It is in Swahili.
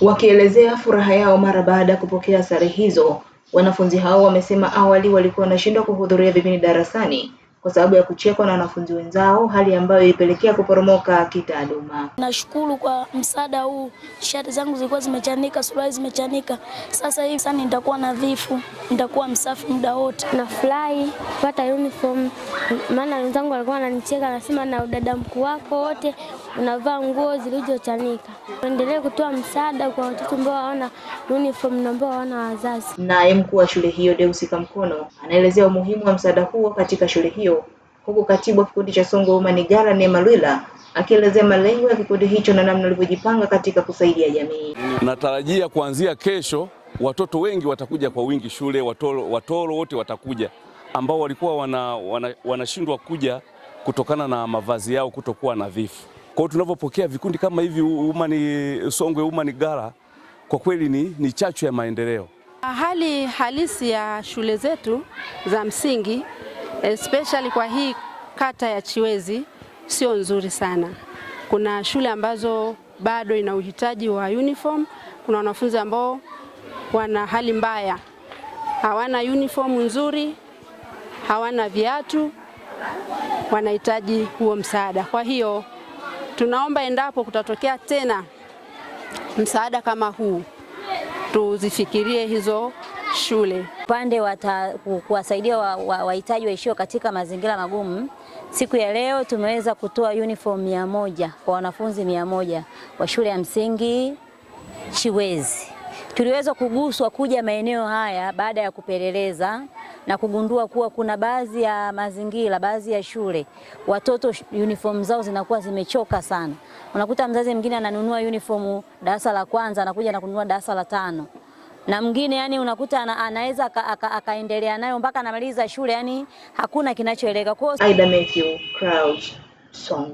Wakielezea furaha yao mara baada ya kupokea sare hizo, wanafunzi hao wamesema awali walikuwa wanashindwa kuhudhuria vipindi darasani kwa sababu ya kuchekwa na wanafunzi wenzao, hali ambayo ilipelekea kuporomoka kitaaluma. Nashukuru kwa msaada huu, shati zangu zilikuwa zimechanika, suruali zimechanika. Sasa hivi sasa nitakuwa nadhifu, nitakuwa msafi muda wote. Nafurahi kupata uniform, maana wenzangu walikuwa wananicheka, nasema na udada mkuu wako wote unavaa nguo zilizochanika. Endelee kutoa msaada kwa watoto ambao hawana uniform na ambao hawana wazazi. Naye mkuu wa shule hiyo Deusi Kamkono anaelezea umuhimu wa msaada huo katika shule hiyo hiyo, huku katibu wa kikundi cha Songwe Gala Neema Lwila akielezea malengo ya kikundi hicho na namna alivyojipanga katika kusaidia jamii. Natarajia kuanzia kesho watoto wengi watakuja kwa wingi shule, watoro, watoro wote watakuja ambao walikuwa wanashindwa wana, wana kuja kutokana na mavazi yao kutokuwa nadhifu. Kwa hiyo tunavyopokea vikundi kama hivi Umani Songwe Umani Gara kwa kweli ni, ni chachu ya maendeleo. Hali halisi ya shule zetu za msingi especially kwa hii kata ya Chiwezi sio nzuri sana. Kuna shule ambazo bado ina uhitaji wa uniform, kuna wanafunzi ambao wana hali mbaya, hawana uniform nzuri, hawana viatu, wanahitaji huo msaada. Kwa hiyo tunaomba endapo kutatokea tena msaada kama huu, tuzifikirie hizo shule. Upande wa kuwasaidia wahitaji wa, waishio katika mazingira magumu, siku ya leo tumeweza kutoa uniform mia moja kwa wanafunzi mia moja wa shule ya msingi Chiwezi. Tuliweza kuguswa kuja maeneo haya baada ya kupeleleza na kugundua kuwa kuna baadhi ya mazingira, baadhi ya shule watoto uniform zao zinakuwa zimechoka sana. Unakuta mzazi mwingine ananunua uniform darasa la kwanza, anakuja na kununua darasa la tano na mwingine yani unakuta ana, anaweza akaendelea nayo mpaka anamaliza shule, yani hakuna kinachoeleka. Kwa hiyo Matthew, Clouds,